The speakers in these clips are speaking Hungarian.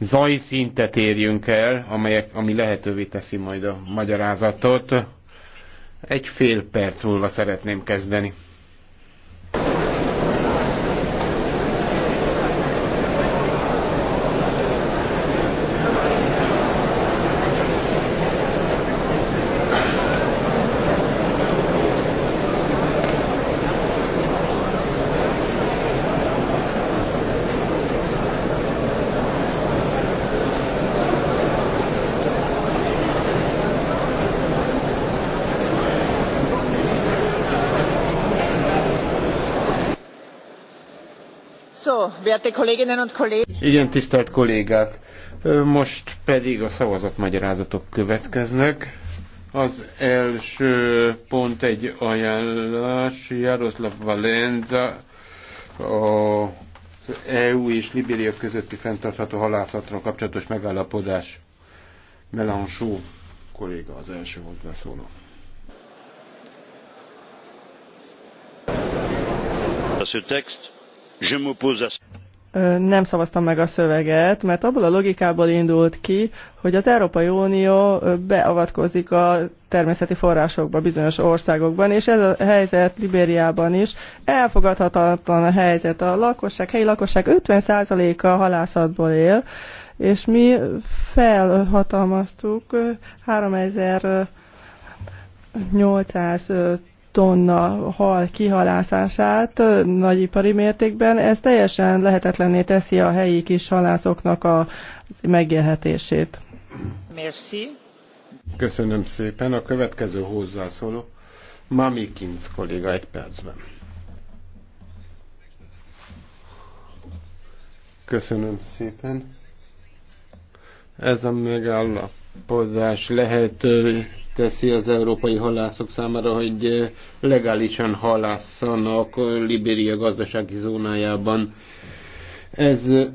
zajszintet érjünk el, amelyek, ami lehetővé teszi majd a magyarázatot. Egy fél perc múlva szeretném kezdeni. Igen, tisztelt kollégák! Most pedig a szavazatmagyarázatok következnek. Az első pont egy ajánlás, Jaroszlav Valenza, az EU és Libéria közötti fenntartható halászatra kapcsolatos megállapodás. Melanchó kolléga az első hozzászóló. À ce texte, je m'oppose à nem szavaztam meg a szöveget, mert abból a logikából indult ki, hogy az Európai Unió beavatkozik a természeti forrásokba bizonyos országokban, és ez a helyzet Libériában is elfogadhatatlan a helyzet. A lakosság, helyi lakosság 50%-a halászatból él, és mi felhatalmaztuk 3800 tonna hal kihalászását nagyipari mértékben, ez teljesen lehetetlenné teszi a helyi kis halászoknak a megélhetését. Merci. Köszönöm szépen. A következő hozzászóló Mamikins kolléga egy percben. Köszönöm szépen. Ez a megállapodás lehetővé teszi az európai halászok számára, hogy eh, legálisan halászanak eh, Libéria gazdasági zónájában. Ez eh,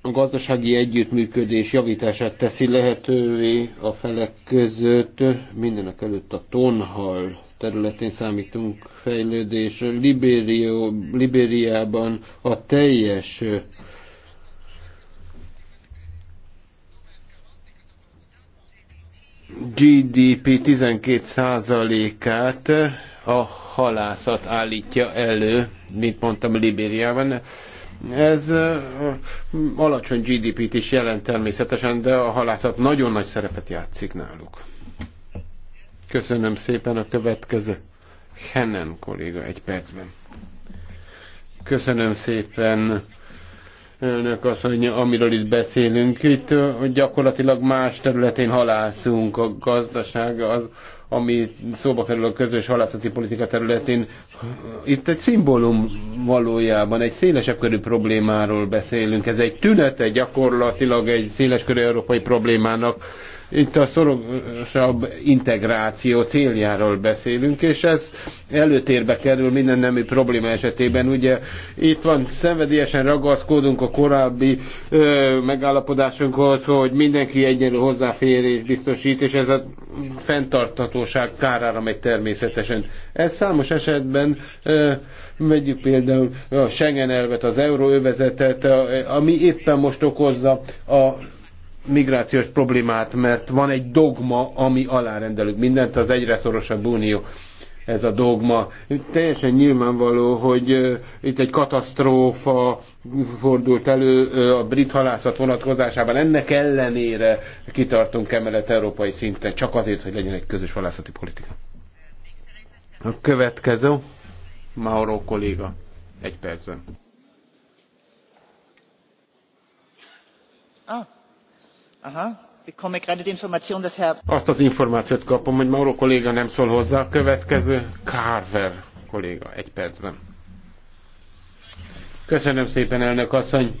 a gazdasági együttműködés javítását teszi lehetővé a felek között, mindenek előtt a tonhal területén számítunk fejlődés. Libériában a teljes GDP 12%-át a halászat állítja elő, mint mondtam Libériában. Ez alacsony GDP-t is jelent természetesen, de a halászat nagyon nagy szerepet játszik náluk. Köszönöm szépen a következő. Hennen kolléga egy percben. Köszönöm szépen elnök asszony, amiről itt beszélünk. Itt gyakorlatilag más területén halászunk a gazdaság, az, ami szóba kerül a közös halászati politika területén. Itt egy szimbólum valójában, egy szélesebb körű problémáról beszélünk. Ez egy tünete gyakorlatilag egy széles körű európai problémának itt a szorosabb integráció céljáról beszélünk, és ez előtérbe kerül minden nemű probléma esetében. Ugye itt van, szenvedélyesen ragaszkodunk a korábbi ö, megállapodásunkhoz, hogy mindenki egyenlő hozzáférés biztosít, és ez a fenntarthatóság kárára megy természetesen. Ez számos esetben ö, vegyük például a Schengen elvet, az euróövezetet, ami éppen most okozza a migrációs problémát, mert van egy dogma, ami alárendelünk mindent, az egyre szorosabb unió ez a dogma. Teljesen nyilvánvaló, hogy itt egy katasztrófa fordult elő a brit halászat vonatkozásában. Ennek ellenére kitartunk emellett európai szinten, csak azért, hogy legyen egy közös halászati politika. A következő, Mauro kolléga, egy percben. Ah. Azt az információt kapom, hogy Mauro kolléga nem szól hozzá. A következő Carver kolléga, egy percben. Köszönöm szépen, elnök asszony.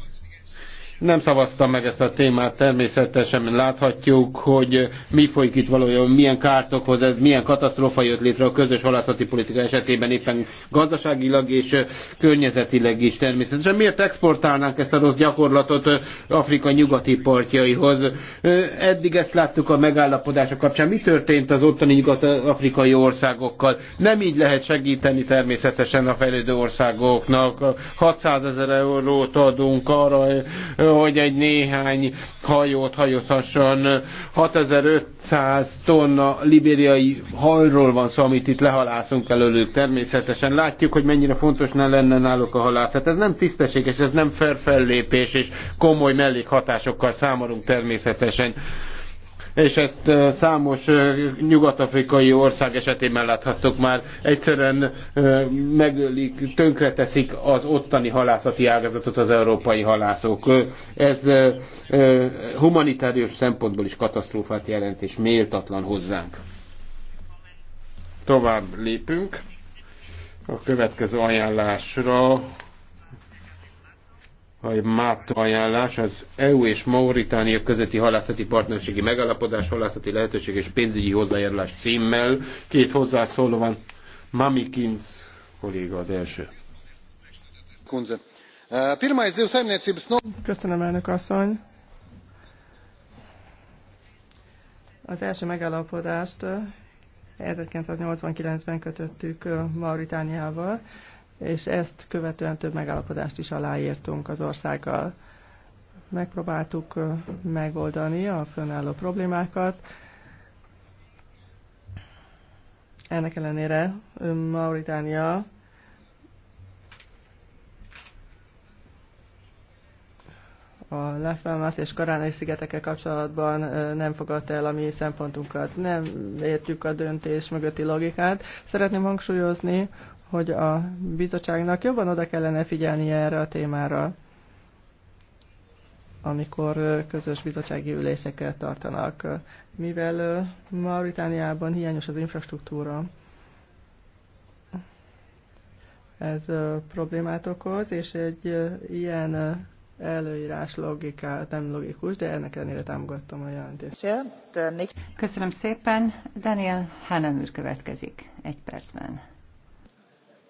Nem szavaztam meg ezt a témát, természetesen láthatjuk, hogy mi folyik itt valójában, milyen kárt okoz ez, milyen katasztrófa jött létre a közös halászati politika esetében, éppen gazdaságilag és környezetileg is természetesen. Miért exportálnánk ezt a rossz gyakorlatot Afrika nyugati partjaihoz? Eddig ezt láttuk a megállapodások kapcsán. Mi történt az ottani nyugat-afrikai országokkal? Nem így lehet segíteni természetesen a fejlődő országoknak. 600 ezer eurót adunk arra, hogy egy néhány hajót hajózhasson. 6500 tonna libériai halról van szó, amit itt lehalászunk előlük természetesen. Látjuk, hogy mennyire fontos ne lenne náluk a halászat. Hát ez nem tisztességes, ez nem fair fellépés, és komoly mellékhatásokkal számolunk természetesen és ezt számos nyugat-afrikai ország esetében láthattuk már. Egyszerűen megölik, tönkreteszik az ottani halászati ágazatot az európai halászok. Ez humanitárius szempontból is katasztrófát jelent, és méltatlan hozzánk. Tovább lépünk. A következő ajánlásra a MÁT ajánlás az EU és Mauritánia közötti halászati partnerségi megállapodás, halászati lehetőség és pénzügyi hozzájárulás címmel. Két hozzászóló van. Mami Kinc kolléga az első. Kunze. Eh, Köszönöm, elnök asszony. Az első megállapodást 1989-ben eh, kötöttük eh, Mauritániával és ezt követően több megállapodást is aláírtunk az országgal. Megpróbáltuk megoldani a fönálló problémákat. Ennek ellenére Mauritánia a Las Palmas és Karánai szigetekkel kapcsolatban nem fogadta el a mi szempontunkat. Nem értjük a döntés mögötti logikát. Szeretném hangsúlyozni, hogy a bizottságnak jobban oda kellene figyelni erre a témára, amikor közös bizottsági üléseket tartanak. Mivel Mauritániában hiányos az infrastruktúra, ez problémát okoz, és egy ilyen előírás logikát nem logikus, de ennek ellenére támogattam a jelentést. Köszönöm szépen. Daniel Hannan úr következik egy percben.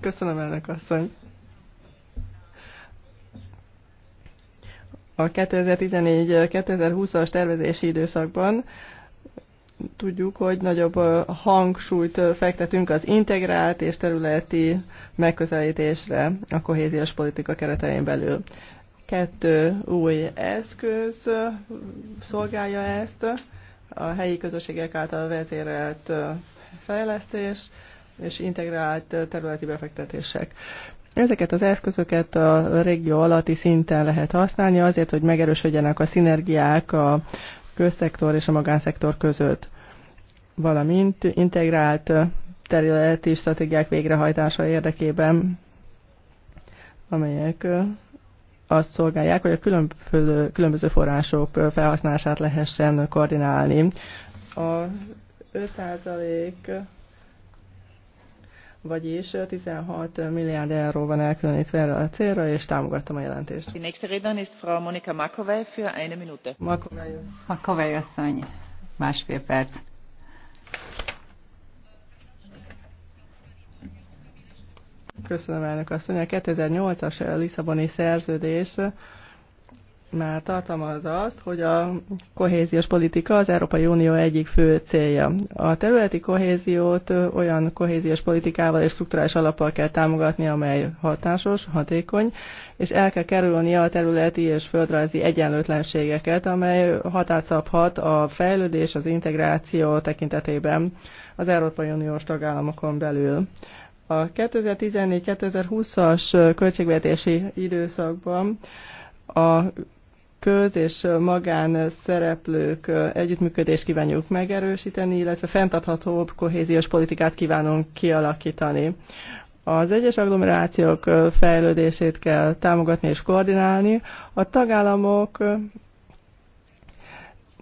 Köszönöm, elnök asszony. A 2014-2020-as tervezési időszakban tudjuk, hogy nagyobb hangsúlyt fektetünk az integrált és területi megközelítésre a kohéziós politika keretein belül. Kettő új eszköz szolgálja ezt, a helyi közösségek által vezérelt fejlesztés és integrált területi befektetések. Ezeket az eszközöket a régió alatti szinten lehet használni azért, hogy megerősödjenek a szinergiák a közszektor és a magánszektor között, valamint integrált területi stratégiák végrehajtása érdekében, amelyek azt szolgálják, hogy a különböző források felhasználását lehessen koordinálni. A 5% vagyis 16 milliárd euró van elkülönítve erre a célra, és támogattam a jelentést. Die nächste Rednerin ist Frau Monika Makovej für eine Minute. Makovej. Makovej asszony, másfél perc. Köszönöm elnök asszony. A 2008-as Lisszaboni szerződés már tartalmazza azt, hogy a kohéziós politika az Európai Unió egyik fő célja. A területi kohéziót olyan kohéziós politikával és strukturális alappal kell támogatni, amely hatásos, hatékony, és el kell kerülni a területi és földrajzi egyenlőtlenségeket, amely határt a fejlődés, az integráció tekintetében az Európai Uniós tagállamokon belül. A 2014-2020-as költségvetési időszakban a köz- és magán szereplők együttműködést kívánjuk megerősíteni, illetve fenntarthatóbb kohéziós politikát kívánunk kialakítani. Az egyes agglomerációk fejlődését kell támogatni és koordinálni. A tagállamok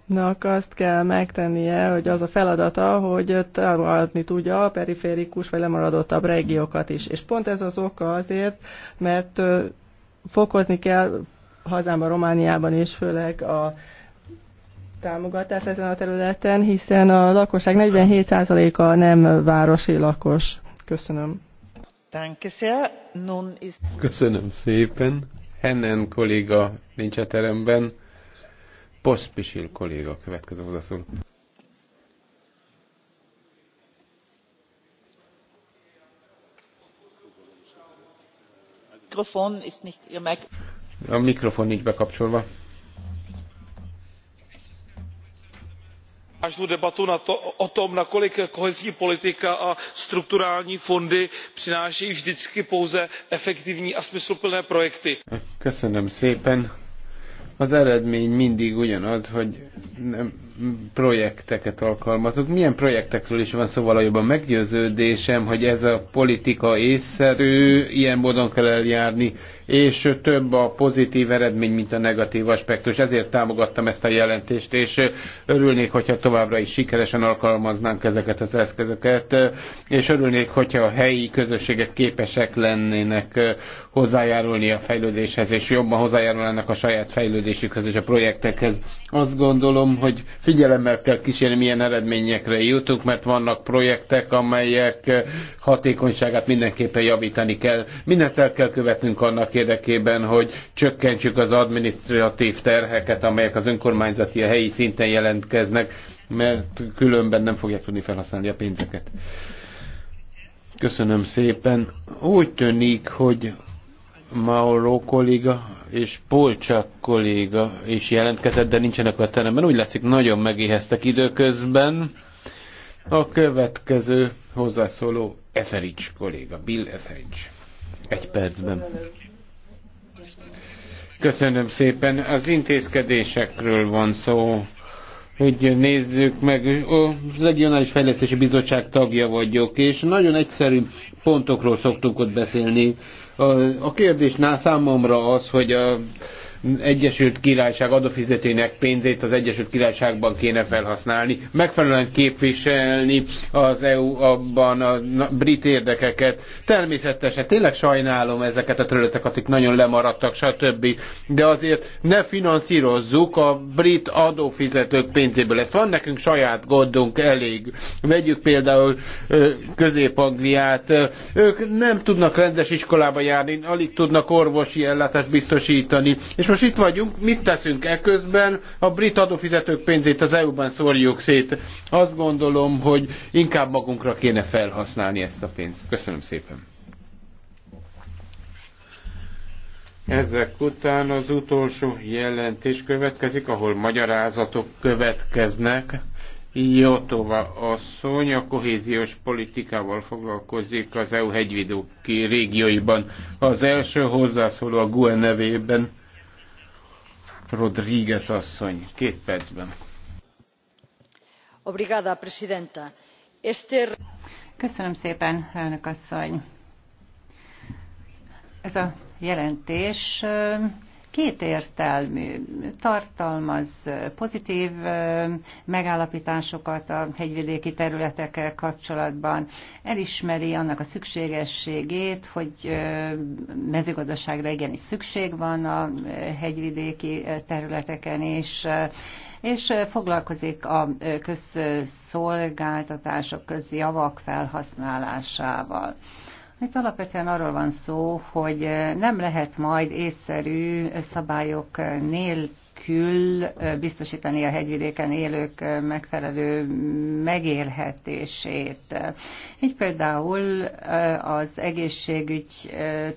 nak azt kell megtennie, hogy az a feladata, hogy támogatni tudja a periférikus vagy lemaradottabb régiókat is. És pont ez az oka azért, mert fokozni kell hazámban, Romániában is, főleg a támogatás ezen a területen, hiszen a lakosság 47%-a nem városi lakos. Köszönöm. Köszönöm szépen. Hennen kolléga nincs a teremben. Poszpisil kolléga következő hozzászól. Mikrofon ist nicht ihr a mikrofon nincs bekapcsolva. vážnou debatu na to, o tom nakolik kohezní politika a strukturální fondy přináší vždycky pouze efektivní a smysluplné projekty. Köszönöm szépen. Az eredmény mindig ugyanaz, hogy nem projekteket alkalmazok. Milyen projektekről is van szó valójában meggyőződésem, hogy ez a politika észszerű, ilyen módon kell eljárni, és több a pozitív eredmény, mint a negatív aspektus. Ezért támogattam ezt a jelentést, és örülnék, hogyha továbbra is sikeresen alkalmaznánk ezeket az eszközöket, és örülnék, hogyha a helyi közösségek képesek lennének hozzájárulni a fejlődéshez, és jobban hozzájárulnának a saját fejlődésükhez és a projektekhez. Azt gondolom, hogy figyelemmel kell kísérni, milyen eredményekre jutunk, mert vannak projektek, amelyek eh, hatékonyságát mindenképpen javítani kell. Mindent el kell követnünk annak érdekében, hogy csökkentsük az adminisztratív terheket, amelyek az önkormányzati, a helyi szinten jelentkeznek, mert különben nem fogják tudni felhasználni a pénzeket. Köszönöm szépen. Úgy tűnik, hogy Mauro kolléga és Polcsak kolléga is jelentkezett, de nincsenek a teremben. Úgy látszik, nagyon megéheztek időközben. A következő hozzászóló Eferics kolléga, Bill Eferics. Egy percben. Köszönöm szépen. Az intézkedésekről van szó hogy nézzük meg, a Regionális Fejlesztési Bizottság tagja vagyok, és nagyon egyszerű pontokról szoktunk ott beszélni. A kérdés számomra az, hogy a Egyesült Királyság adófizetének pénzét az Egyesült Királyságban kéne felhasználni, megfelelően képviselni az EU abban a brit érdekeket. Természetesen tényleg sajnálom ezeket a területeket, akik nagyon lemaradtak, stb. De azért ne finanszírozzuk a brit adófizetők pénzéből. Ezt van nekünk saját gondunk elég. Vegyük például Közép-Angliát. Ők nem tudnak rendes iskolába járni, alig tudnak orvosi ellátást biztosítani. És most most itt vagyunk, mit teszünk eközben? A brit adófizetők pénzét az EU-ban szórjuk szét. Azt gondolom, hogy inkább magunkra kéne felhasználni ezt a pénzt. Köszönöm szépen. Ezek után az utolsó jelentés következik, ahol magyarázatok következnek. Jotova asszony a kohéziós politikával foglalkozik az EU hegyvidéki régióiban. Az első hozzászóló a GUE nevében. Rodríguez asszony, két percben. Obrigada, presidenta. Este... Köszönöm szépen, elnök asszony. Ez a jelentés értelmű, tartalmaz pozitív megállapításokat a hegyvidéki területekkel kapcsolatban, elismeri annak a szükségességét, hogy mezőgazdaságra igenis szükség van a hegyvidéki területeken, és és foglalkozik a közszolgáltatások, közjavak felhasználásával. Itt alapvetően arról van szó, hogy eh, nem lehet majd észszerű szabályok nélkül eh, biztosítani a hegyvidéken élők eh, megfelelő megélhetését. Így például az egészségügy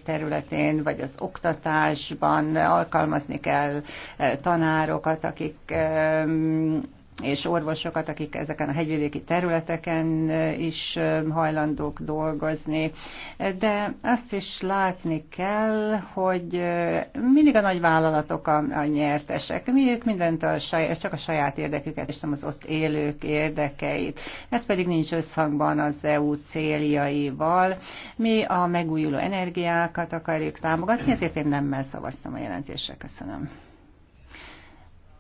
területén, vagy az oktatásban alkalmazni kell tanárokat, akik és orvosokat, akik ezeken a hegyvidéki területeken is hajlandók dolgozni. De azt is látni kell, hogy mindig a nagy vállalatok a, a nyertesek. Mi ők mindent a saját, csak a saját érdeküket, és nem az ott élők érdekeit. Ez pedig nincs összhangban az EU céljaival. Mi a megújuló energiákat akarjuk támogatni, ezért én nemmel szavaztam a jelentésre. Köszönöm.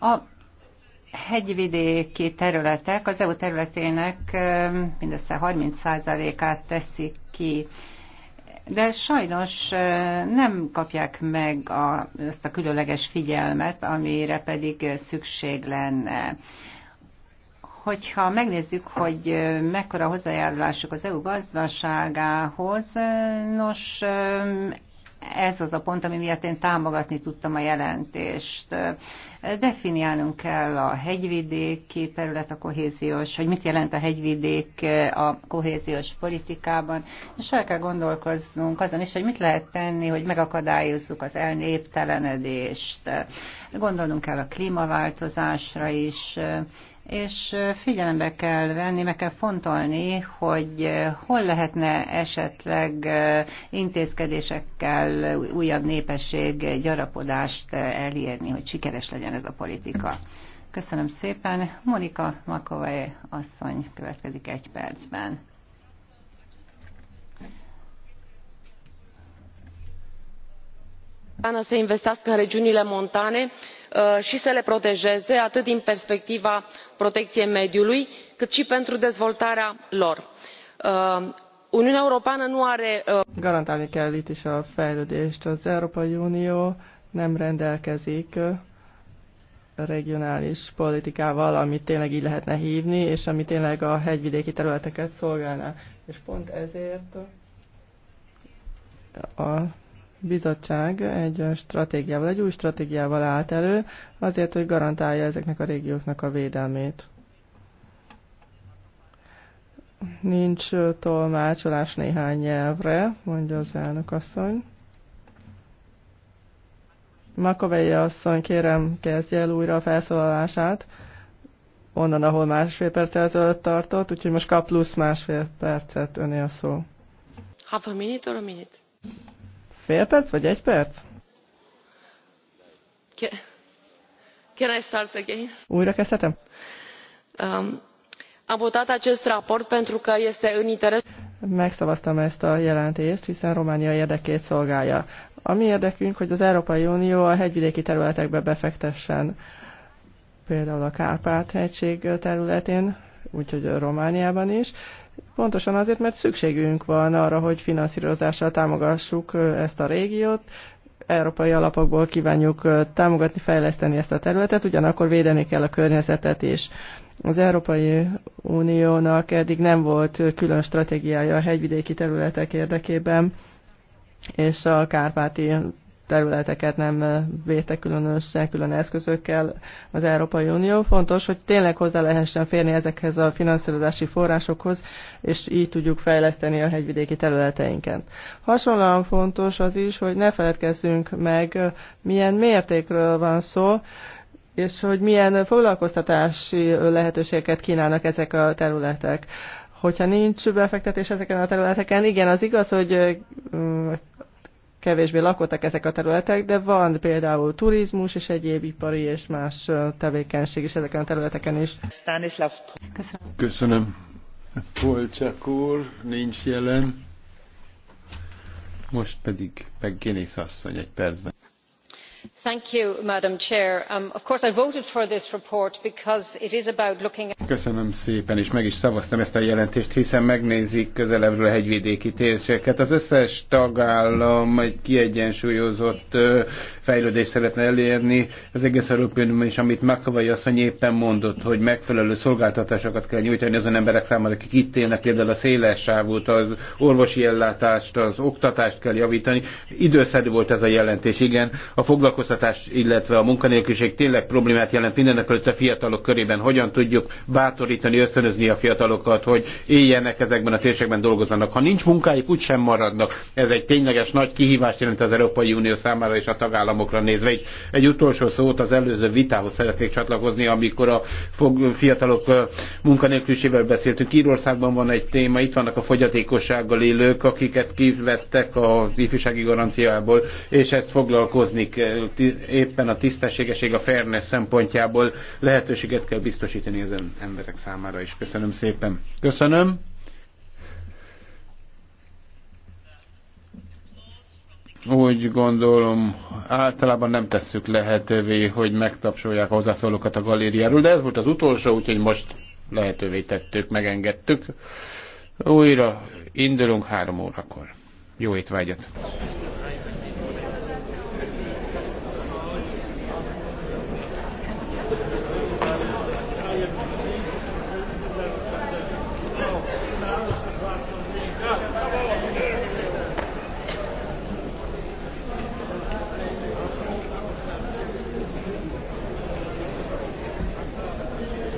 A hegyvidéki területek az EU területének mindössze 30%-át teszik ki de sajnos nem kapják meg a, ezt a különleges figyelmet, amire pedig szükség lenne. Hogyha megnézzük, hogy mekkora hozzájárulásuk az EU gazdaságához, nos, ez az a pont, ami miatt én támogatni tudtam a jelentést. Definiálnunk kell a hegyvidéki terület a kohéziós, hogy mit jelent a hegyvidék a kohéziós politikában, és el kell gondolkoznunk azon is, hogy mit lehet tenni, hogy megakadályozzuk az elnéptelenedést. Gondolnunk kell a klímaváltozásra is, és figyelembe kell venni, meg kell fontolni, hogy hol lehetne esetleg intézkedésekkel újabb népesség gyarapodást elérni, hogy sikeres legyen ez a politika. Köszönöm szépen. Monika Makovai asszony következik egy percben. europeană să investească în regiunile montane uh, și să le protejeze atât din perspectiva protecției mediului cât și pentru dezvoltarea lor. Uh, uniunea europeană nu are. Uh, garantálni kell itt is a fejlődést. az európai unió nem rendelkezik regionális politikával, amit tényleg így lehetne hívni, és ami tényleg a hegyvidéki területeket szolgálná. És pont ezért a bizottság egy stratégiával, egy új stratégiával állt elő, azért, hogy garantálja ezeknek a régióknak a védelmét. Nincs tolmácsolás néhány nyelvre, mondja az elnök asszony. Makovei asszony, kérem, kezdje el újra a felszólalását, onnan, ahol másfél perc ezelőtt tartott, úgyhogy most kap plusz másfél percet, öné a szó. Half a minute or a minute? Fél perc, vagy egy perc? Can I start again? Újra kezdhetem? Um, am votat acest raport pentru că este în interes... Megszavaztam ezt a jelentést, hiszen Románia érdekét szolgálja. A mi érdekünk, hogy az Európai Unió a hegyvidéki területekbe befektessen, például a Kárpát-hegység területén, úgyhogy Romániában is, Pontosan azért, mert szükségünk van arra, hogy finanszírozással támogassuk ezt a régiót, európai alapokból kívánjuk támogatni, fejleszteni ezt a területet, ugyanakkor védeni kell a környezetet is. Az Európai Uniónak eddig nem volt külön stratégiája a hegyvidéki területek érdekében, és a kárpáti területeket nem védte különösen külön eszközökkel az Európai Unió. Fontos, hogy tényleg hozzá lehessen férni ezekhez a finanszírozási forrásokhoz, és így tudjuk fejleszteni a hegyvidéki területeinket. Hasonlóan fontos az is, hogy ne feledkezzünk meg, milyen mértékről van szó, és hogy milyen foglalkoztatási lehetőségeket kínálnak ezek a területek hogyha nincs befektetés ezeken a területeken, igen, az igaz, hogy kevésbé lakottak ezek a területek, de van például turizmus és egyéb ipari és más tevékenység is ezeken a területeken is. Stanislav. Köszönöm. Köszönöm. Polcsak úr nincs jelen. Most pedig meg Génész asszony egy percben madam president um, köszönöm szépen és meg is szavaztam ezt a jelentést hiszen megnézik közelebbről a hegyvidéki térségeket. az összes tagállam egy kiegyensúlyozott fejlődést szeretne elérni az egész európai unióban is amit macovei asszony éppen mondott hogy megfelelő szolgáltatásokat kell nyújtani azon emberek számára akik itt élnek például a széles sávút az orvosi ellátást az oktatást kell javítani. időszerű volt ez a jelentés igen a foglalkoztatás foglalkoztatás, illetve a munkanélküliség tényleg problémát jelent mindenekelőtt a fiatalok körében. Hogyan tudjuk bátorítani, ösztönözni a fiatalokat, hogy éljenek ezekben a térségben, dolgozzanak. Ha nincs munkájuk, úgysem maradnak. Ez egy tényleges nagy kihívást jelent az Európai Unió számára és a tagállamokra nézve is. Egy utolsó szót az előző vitához szeretnék csatlakozni, amikor a fiatalok munkanélküliségével beszéltünk. Írországban van egy téma, itt vannak a fogyatékossággal élők, akiket kivettek az ifjúsági garanciából, és ezt foglalkozni kerül, éppen a tisztességeség, a fairness szempontjából lehetőséget kell biztosítani az emberek számára is. Köszönöm szépen. Köszönöm. úgy gondolom, általában nem tesszük lehetővé, hogy megtapsolják a hozzászólókat a galériáról, de ez volt az utolsó, úgyhogy most lehetővé tettük, megengedtük. Újra indulunk három órakor. Jó étvágyat!